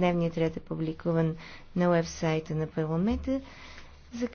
Дневният ред е публикуван на уебсайта на парламента.